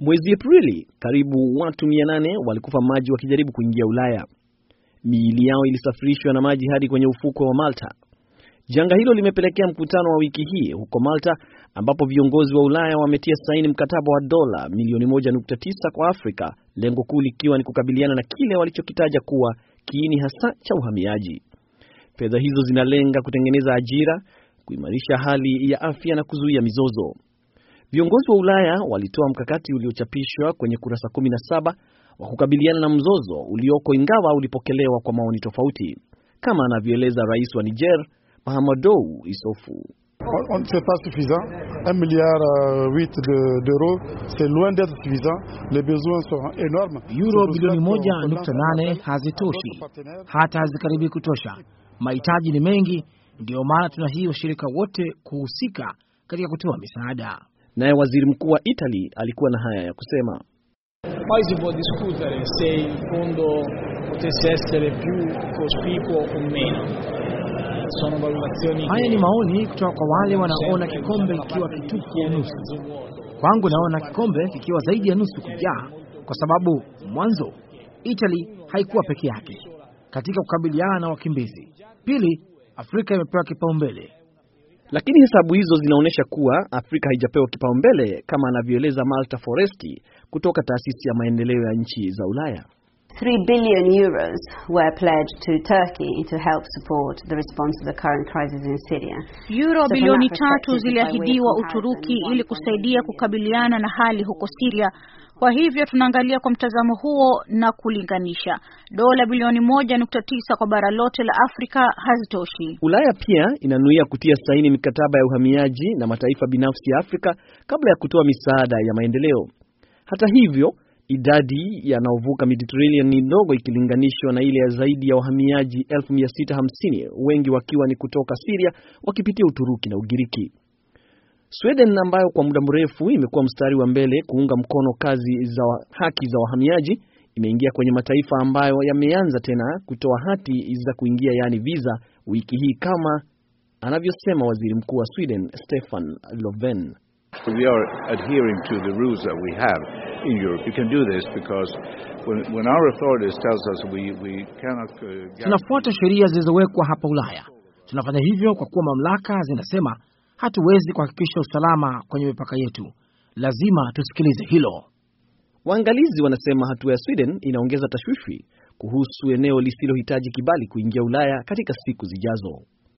Mwezi Aprili, karibu watu 800 walikufa maji wakijaribu kuingia Ulaya. Miili yao ilisafirishwa na maji hadi kwenye ufukwe wa Malta. Janga hilo limepelekea mkutano wa wiki hii huko Malta ambapo viongozi wa Ulaya wametia saini mkataba wa dola milioni 1.9 kwa Afrika, lengo kuu likiwa ni kukabiliana na kile walichokitaja kuwa kiini hasa cha uhamiaji. Fedha hizo zinalenga kutengeneza ajira, kuimarisha hali ya afya na kuzuia mizozo. Viongozi wa Ulaya walitoa mkakati uliochapishwa kwenye kurasa 17 wa kukabiliana na mzozo ulioko, ingawa ulipokelewa kwa maoni tofauti, kama anavyoeleza rais wa Niger Mahamadou Isofu. Euh, Euro bilioni moja nukta nane hazitoshi, hata hazikaribi kutosha. Mahitaji ni mengi, ndiyo maana tuna hii washirika wote kuhusika katika kutoa misaada. Naye waziri mkuu wa Italy alikuwa na haya ya kusema: poi si può discutere se fondo potesse essere più cospicuo o meno Haya ni maoni kutoka kwa wale wanaona kikombe kikiwa kitupu ya nusu. Kwangu naona kikombe kikiwa zaidi ya nusu kujaa, kwa sababu mwanzo, Italy haikuwa peke yake katika kukabiliana na wakimbizi. Pili, Afrika imepewa kipaumbele lakini hesabu hizo zinaonyesha kuwa Afrika haijapewa kipaumbele kama anavyoeleza Malta Foresti kutoka taasisi ya maendeleo ya nchi za Ulaya. 3 billion euros were pledged to Turkey to help support the response to the current crisis in Syria. Euro so bilioni tatu ziliahidiwa Uturuki ili kusaidia kukabiliana na hali huko Syria kwa hivyo tunaangalia kwa mtazamo huo na kulinganisha. Dola bilioni moja nukta tisa kwa bara lote la Afrika hazitoshi. Ulaya pia inanuia kutia saini mikataba ya uhamiaji na mataifa binafsi ya Afrika kabla ya kutoa misaada ya maendeleo. Hata hivyo, idadi yanaovuka Mediterranean ni ndogo ikilinganishwa na ile ya zaidi ya wahamiaji 650 wengi wakiwa ni kutoka Siria wakipitia Uturuki na Ugiriki. Sweden ambayo kwa muda mrefu imekuwa mstari wa mbele kuunga mkono kazi za haki za wahamiaji imeingia kwenye mataifa ambayo yameanza tena kutoa hati za kuingia yaani visa wiki hii kama anavyosema waziri mkuu wa Sweden Stefan Löfven. We are adhering to the rules that we have in Europe. You can do this because when, when our authorities tells us we, we cannot... Uh, Tunafuata sheria zilizowekwa hapa Ulaya. Tunafanya hivyo kwa kuwa mamlaka zinasema hatuwezi kuhakikisha usalama kwenye mipaka yetu, lazima tusikilize hilo. Waangalizi wanasema hatua ya Sweden inaongeza tashwishi kuhusu eneo lisilohitaji kibali kuingia Ulaya katika siku zijazo.